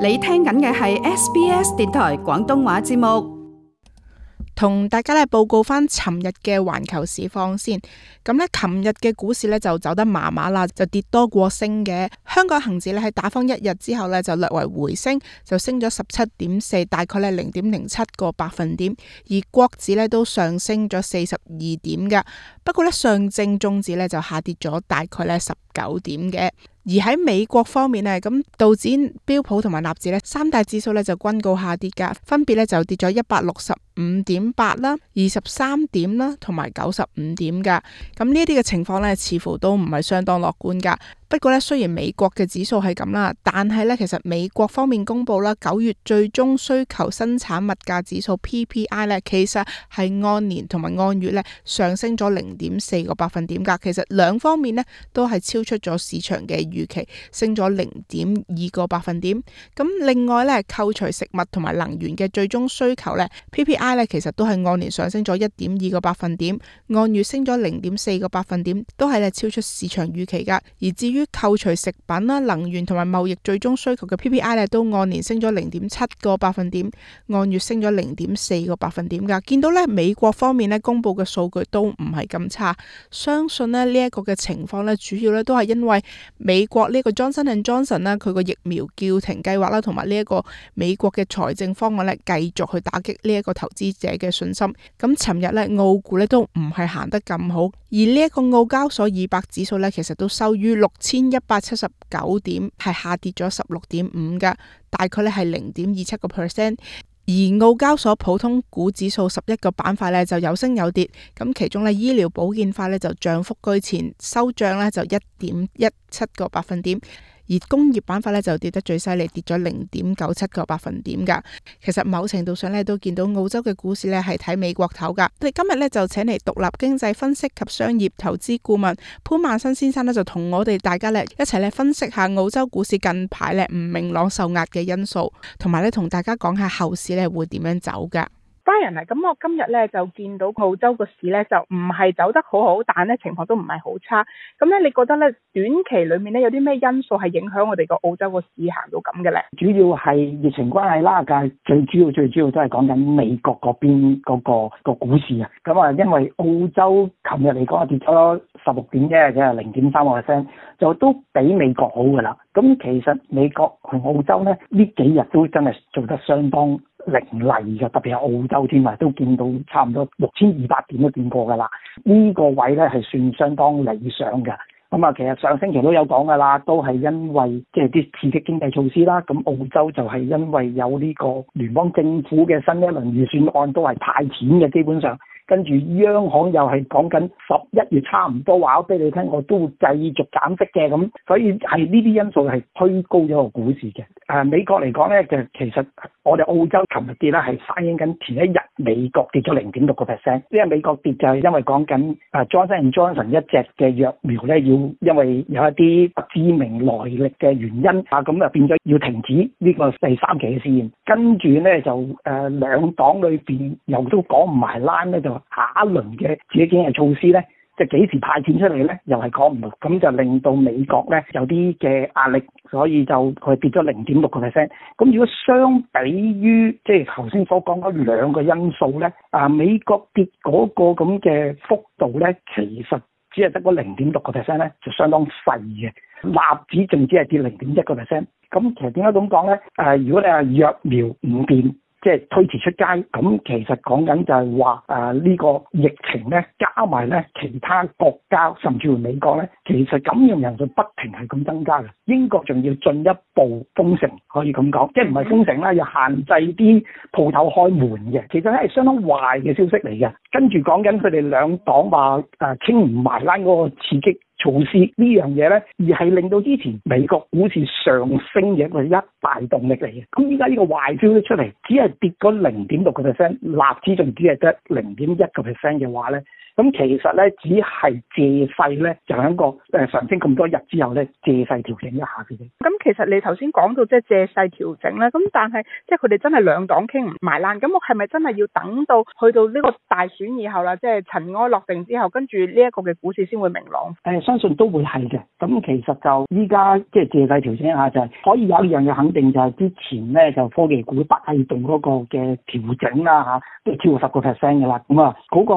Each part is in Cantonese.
你聽緊嘅係 SBS 電台廣東話節目，同大家呢報告翻尋日嘅環球市況先。咁呢，尋日嘅股市呢就走得麻麻啦，就跌多過升嘅。香港恒指呢喺打風一日之後呢，就略為回升，就升咗十七點四，大概呢零點零七個百分點。而國指呢都上升咗四十二點㗎，不過呢，上證綜指呢就下跌咗大概呢十。九點嘅，而喺美國方面呢，咁道指、標普同埋納指呢三大指數呢就均告下跌噶分別呢就跌咗一百六十五點八啦、二十三點啦同埋九十五點噶咁呢啲嘅情況呢，似乎都唔係相當樂觀噶。不過呢，雖然美國嘅指數係咁啦，但係呢，其實美國方面公布啦九月最終需求生產物價指數 PPI 呢其實係按年同埋按月呢上升咗零點四個百分點噶。其實兩方面呢都係超出咗市場嘅預期，升咗零點二個百分點。咁另外呢，扣除食物同埋能源嘅最終需求呢 PPI 呢其實都係按年上升咗一點二個百分點，按月升咗零點四個百分點，都係呢超出市場預期噶。而至於，扣除食品啦、能源同埋貿易最終需求嘅 PPI 咧，都按年升咗零點七個百分點，按月升咗零點四個百分點噶。見到咧美國方面咧公布嘅數據都唔係咁差，相信咧呢一、這個嘅情況咧，主要咧都係因為美國個、Johnson、呢個 Johnson & Johnson 啦，佢個疫苗叫停計劃啦，同埋呢一個美國嘅財政方案咧，繼續去打擊呢一個投資者嘅信心。咁、嗯、尋日咧澳股咧都唔係行得咁好，而呢一個澳交所二百指數咧，其實都收於六千。千一百七十九點係下跌咗十六點五噶，大概咧係零點二七個 percent。而澳交所普通股指數十一個板塊咧就有升有跌，咁其中咧醫療保健板塊咧就漲幅居前，收漲咧就一點一七個百分點。而工業板塊呢，就跌得最犀利，跌咗零點九七個百分點噶。其實某程度上呢都見到澳洲嘅股市呢，係睇美國頭噶。我哋今日呢，就請嚟獨立經濟分析及商業投資顧問潘萬新先生呢，就同我哋大家呢，一齊呢分析下澳洲股市近排呢唔明朗受壓嘅因素，同埋呢，同大家講下後市呢會點樣走噶。咁我今日咧，就見到澳洲個市咧，就唔係走得好好，但咧，情況都唔係好差。咁咧，你覺得咧，短期裏面咧，有啲咩因素係影響我哋個澳洲個市行到咁嘅咧？主要係疫情關係啦，但係最主要、最主要都係講緊美國嗰邊嗰個個股市啊。咁啊，因為澳洲琴日嚟講跌咗十六點啫，即係零點三個 percent，就都比美國好噶啦。咁其實美國同澳洲咧，呢幾日都真係做得相當。凌厲嘅，特別係澳洲添啊，都見到差唔多六千二百點都見過㗎啦。呢、呢個位咧係算相當理想嘅。咁、嗯、啊，其實上星期都有講㗎啦，都係因為即係啲刺激經濟措施啦。咁、嗯、澳洲就係因為有呢個聯邦政府嘅新一輪預算案都係派錢嘅，基本上。跟住央行又係講緊十一月差唔多話，我俾你聽，我都會繼續減息嘅，咁，所以係呢啲因素係推高咗個股市嘅。啊、呃，美國嚟講咧，就其實我哋澳洲琴日跌咧係反映緊前一日美國跌咗零點六個 percent，因為美國跌就係因為講緊啊 Johnson Johnson 一隻嘅疫苗咧要因為有一啲不知名來歷嘅原因啊，咁啊變咗要停止呢個第三期嘅試驗。跟住咧就誒兩黨裏邊又都講唔埋 line 咧，就。呃下一輪嘅自己經濟措施咧，即係幾時派錢出嚟咧，又係講唔落，咁就令到美國咧有啲嘅壓力，所以就佢跌咗零點六個 percent。咁如果相比於即係頭先所講嗰兩個因素咧，啊美國跌嗰個咁嘅幅度咧，其實只係得嗰零點六個 percent 咧，就相當細嘅。納指仲只係跌零點一個 percent。咁其實點解咁講咧？誒、啊，如果你話疫苗唔變。即係推遲出街，咁其實講緊就係話，啊、呃、呢、這個疫情咧，加埋咧其他國家甚至乎美國咧，其實感染人就不停係咁增加嘅。英國仲要進一步封城，可以咁講，即係唔係封城啦，要限制啲鋪頭開門嘅。其實係相當壞嘅消息嚟嘅。跟住講緊佢哋兩黨話啊傾唔埋單嗰個刺激。措施呢樣嘢咧，而係令到之前美國股市上升嘅一個一大動力嚟嘅。咁依家呢個壞消息出嚟，只係跌咗零點六個 percent，納指仲只係得零點一個 percent 嘅話咧。咁其實咧，只係借勢咧，就喺個誒上升咁多日之後咧，借勢調整一下嘅。咁其實你頭先講到勢調即係借勢調整咧，咁但係即係佢哋真係兩黨傾唔埋欄，咁我係咪真係要等到去到呢個大選以後啦，即係塵埃落定之後，跟住呢一個嘅股市先會明朗？誒、欸，相信都會係嘅。咁其實就依家即係借勢調整一下、就是，就係可以有一樣嘢肯定就係之前咧就科技股帶動嗰個嘅調整啦，即都超過十個 percent 嘅啦。咁啊，嗰、那個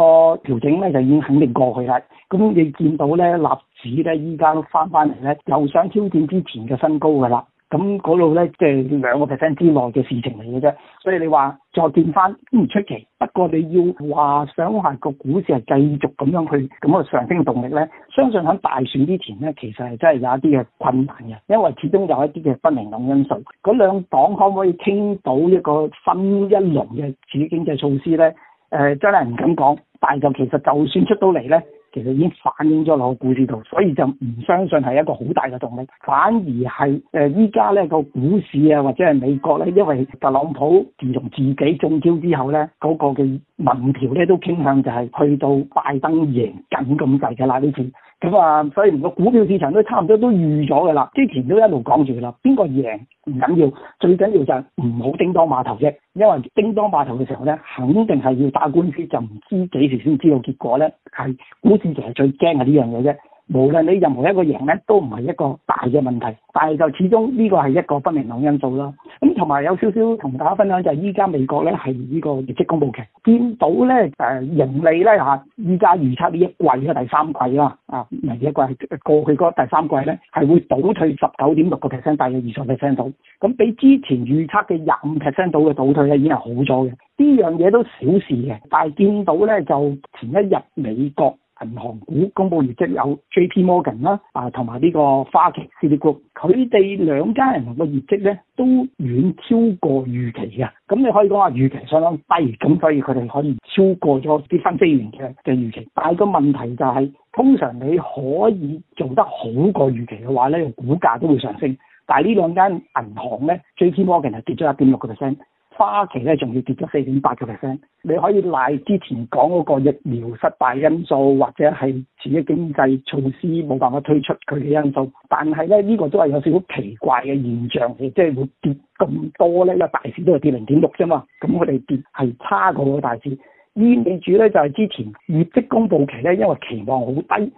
調整咧。就已經肯定過去啦。咁你見到咧，納指咧，依家都翻翻嚟咧，又想挑戰之前嘅新高嘅啦。咁嗰度咧，即係兩個 percent 之內嘅事情嚟嘅啫。所以你話再見翻唔、嗯、出奇。不過你要話想係個股市係繼續咁樣去咁個上升動力咧，相信喺大選之前咧，其實係真係有一啲嘅困難嘅，因為始終有一啲嘅不明朗因素。嗰兩黨可唔可以傾到一個新一輪嘅刺激經濟措施咧？誒、呃、真係唔敢講，但係就其實就算出到嚟咧，其實已經反映咗落個股市度，所以就唔相信係一個好大嘅動力，反而係誒依家咧個股市啊，或者係美國咧，因為特朗普自從自己中招之後咧，嗰、嗰個嘅民調咧都傾向就係去到拜登贏緊咁滯㗎啦，呢次。咁啊，所以個股票市場都差唔多都預咗嘅啦，之前都一路講住嘅啦。邊個贏唔緊要，最緊要就係唔好叮當馬頭啫。因為叮當馬頭嘅時候咧，肯定係要打官司，就唔知幾時先知道結果咧。係股市就係最驚嘅呢樣嘢啫。無論你任何一個贏咧，都唔係一個大嘅問題，但係就始終呢個係一個不明朗因素啦。同埋有少少同大家分享，就係依家美國咧係呢個業績公佈期，見到咧誒，盈利咧嚇，依家預測呢一季嘅第三季啦，啊，唔係一季係，啊、過去嗰第三季咧係會倒退十九點六個 percent，大約二十 percent 到。咁比之前預測嘅廿五 percent 度嘅倒退咧已經係好咗嘅，呢樣嘢都小事嘅，但係見到咧就前一日美國銀行股公佈業績有 J P Morgan 啦、啊，啊同埋呢個花旗、獵鷹，佢哋兩間銀行嘅業績咧都遠超過預期嘅，咁你可以講話預期相當低，咁所以佢哋可能超過咗啲分析員嘅嘅預期，但係個問題就係、是、通常你可以做得好過預期嘅話咧，股價都會上升，但係呢兩間銀行咧，J P Morgan 係跌咗一點六個 percent。花期咧仲要跌咗四點八個 percent，你可以賴之前講嗰個疫苗失敗因素，或者係自己經濟措施冇辦法推出佢嘅因素，但係咧呢、呢個都係有少少奇怪嘅現象，即係會跌咁多咧。個大市都係跌零點六啫嘛，咁佢哋跌係差過個大市。依你主咧就係、是、之前業績公佈期咧，因為期望好低，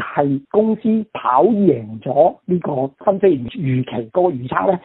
而係公司跑贏咗呢個分析預期嗰個預測咧。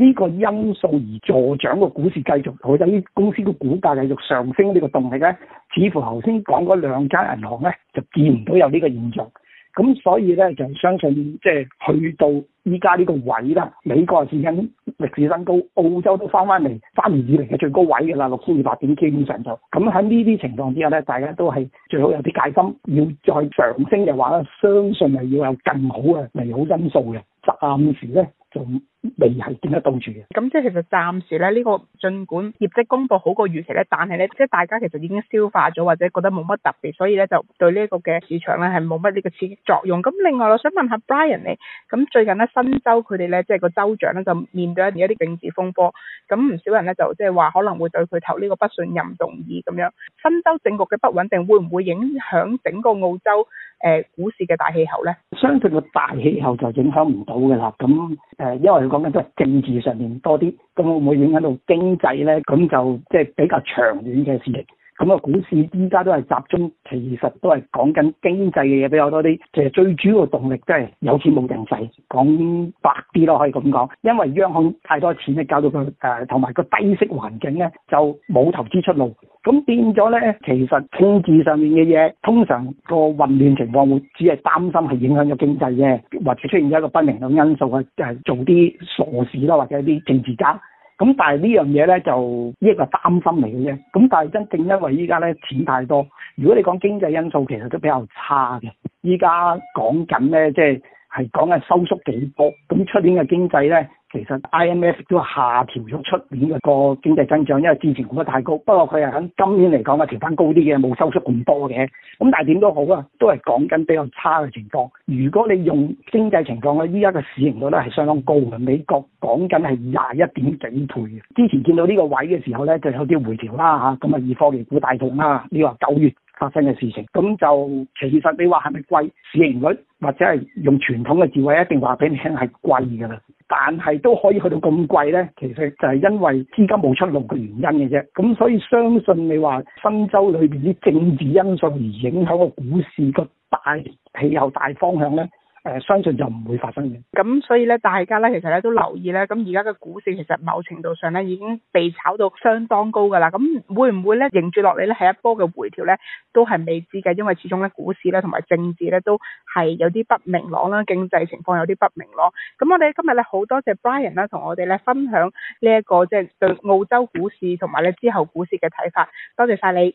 呢個因素而助漲個股市繼續，或者啲公司嘅股價繼續上升呢個動力咧，似乎頭先講嗰兩間銀行咧就見唔到有呢個現象，咁所以咧就相信即係去到依家呢個位啦，美國係接近歷史新高，澳洲都翻翻嚟三年以嚟嘅最高位嘅啦，六千二百點基本上就咁，喺呢啲情況之下咧，大家都係最好有啲戒心，要再上升嘅話咧，相信係要有更好嘅利好因素嘅，暫時咧。仲未係見得到住嘅，咁即係其實暫時咧呢個，儘管業績公布好過預期咧，但係咧即係大家其實已經消化咗，或者覺得冇乜特別，所以咧就對呢個嘅市場咧係冇乜呢個刺激作用。咁另外我想問下 Brian 咧，咁最近咧新州佢哋咧即係個州長咧就面對一一啲政治風波，咁唔少人咧就即係話可能會對佢投呢個不信任動議。咁樣，新州政局嘅不穩定會唔會影響整個澳洲？誒、欸、股市嘅大氣候咧，相信個大氣候就影響唔到嘅啦。咁誒、呃，因為佢講緊都係政治上面多啲，咁會唔會影響到經濟咧？咁就即係、就是、比較長遠嘅事情。咁啊，股市依家都係集中，其實都係講緊經濟嘅嘢比較多啲。其實最主要個動力都係有錢冇定使，講白啲咯，可以咁講。因為央行太多錢咧，搞到佢誒同埋個低息環境咧，就冇投資出路。咁變咗咧，其實政治上面嘅嘢，通常個混亂情況會只係擔心係影響咗經濟啫，或者出現咗一個不明朗因素啊，誒、即係、做啲傻事啦，或者啲政治家。咁、嗯、但係呢樣嘢咧，就呢一個擔心嚟嘅啫。咁但係真正因為依家咧錢太多，如果你講經濟因素其實都比較差嘅。依家講緊咧，即係係講緊收縮幾波，咁、嗯、出年嘅經濟咧。其實 IMF 都下調咗出年個經濟增長，因為之前估得太高。不過佢係喺今年嚟講啊，調翻高啲嘅，冇收出咁多嘅。咁但係點都好啊，都係講緊比較差嘅情況。如果你用經濟情況咧，依家嘅市盈率我覺得係相當高嘅。美國講緊係廿一點幾倍。之前見到呢個位嘅時候咧，就有啲回調啦吓。咁啊，以科技股大同啦。呢個九月。發生嘅事情，咁就其實你話係咪貴市盈率或者係用傳統嘅智慧一定話俾你聽係貴噶啦，但係都可以去到咁貴咧，其實就係因為資金冇出路嘅原因嘅啫。咁所以相信你話新州裏邊啲政治因素而影響個股市個大氣候大方向咧。誒、呃，相信就唔會發生嘅。咁所以咧，大家咧，其實咧都留意咧，咁而家嘅股市其實某程度上咧，已經被炒到相當高噶啦。咁會唔會咧，迎住落嚟咧，係一波嘅回調咧，都係未知嘅。因為始終咧，股市咧，同埋政治咧，都係有啲不明朗啦，經濟情況有啲不明朗。咁我哋今日咧，好多謝 Brian 啦，同我哋咧分享呢、這、一個即係、就是、對澳洲股市同埋咧之後股市嘅睇法。多謝晒你。